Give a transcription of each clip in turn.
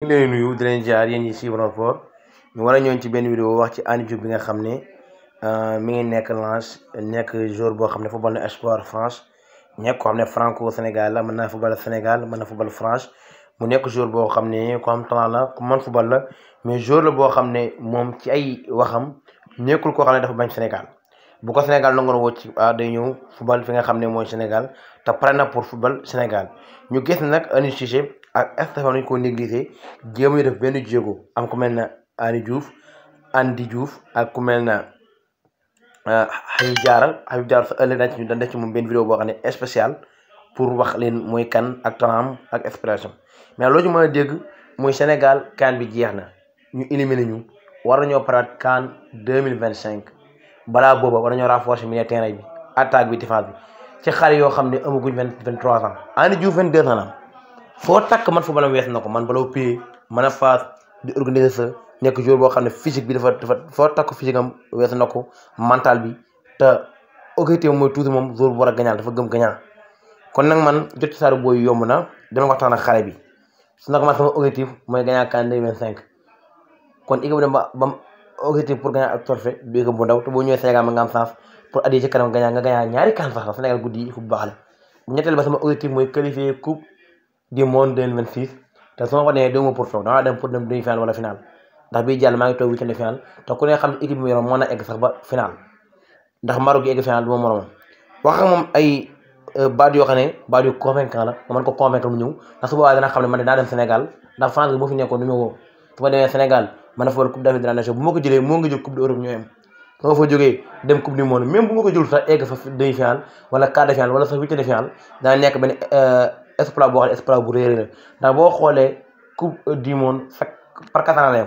ñu ngi leen nuyu di leen jaar yéen ñi suivre encore ñu war a ñëw ci benn vidéo wax ci Andy Diouf bi nga xam ne mi ngi nekk Lens nekk joueur boo xam ne football na Espoir France nekk ko xam ne franco Sénégal la mën naa football Sénégal mën na football France mu nekk joueur boo xam ne ku am talent la ku mën football la mais joueur la boo xam ne moom ci ay waxam nekkul koo xam ne dafa bañ Sénégal bu ko Sénégal nangoon woo ci ah day ñëw football fi nga xam ne mooy Sénégal te pare na pour football Sénégal ñu gis nag Aliou Cissé ak Estefan ñu ko négligé jéem a def benn jéego am ku mel na Aliou Diouf Andy Diouf ak ku mel na ah, Habib Diarra Habib Diarra sa ëllëg naa ci ñu daan moom benn vidéo boo xam ne spécial pour wax leen mooy kan ak temps ak expression mais loolu ci dégg mooy Sénégal kaan bi jeex na ñu éliminé ñu war nañoo paraat kan deux mille vingt cinq. balaa booba war nañoo renforcer milieu terrain bi attaque bi défense bi ci xale yoo xam ne amaguñ vingt vingt trois ans. Andy Diouf vingt deux ans foo takk man footballam wees na ko man balaw pay mën a sa nekk joueur boo xam ne physique bi dafa foo takk physique am wees na ko mental bi te objectif mooy toujours moom joueur bu war a dafa gëm gañaal kon nag man jot ci saaru booy yomb na dama waxtaan ak xale bi su nag man sama objectif mooy gañaal kan deux vingt cinq kon équipe dem ba objectif pour gagner ak trophée bii ko bu ndaw te boo ñëwee Sénégal ma nga am pour at ci kanam gagner nga gagner ñaari kan sax Sénégal guddi fu baax la bu ñetteel ba sama objectif mooy ma ko na egg sax ba final ndax Maroc gi egg final du ma moroom moom ay euh, baat yoo xam ne baat yu convaincant la ma mën ko convaincre mu ñëw ndax su boobaa dana xam ne man dinaa dem Sénégal ndax France bi boo fi nekkoon du su ma demee Sénégal man na fa war coupe de nation bu ma ko jëlee moo nga jël coupe d'Europe ñooy am soo fa jógee dem coupe du monde même bu ma ko jël sa egg fa demi final wala quart de final wala sax daa nekk benn euh, exploit boo xam ne exploit bu réeré la ndax boo xoolee coupe du monde chaque par quatre ans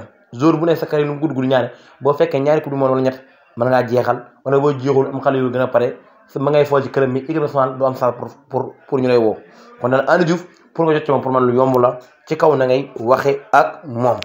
bu ne sa carrière lu mu gudd gudd boo fekkee ñaari coupe du monde wala ñett mën ngaa jeexal wala boo jeexul am xale yu gën a pare su ma ngay foo ci këram mi équipe nationale du am sar pour pour ñu lay woo kon daal Andy pour nga jot pour man lu yombu la ci kaw na ngay waxe ak moom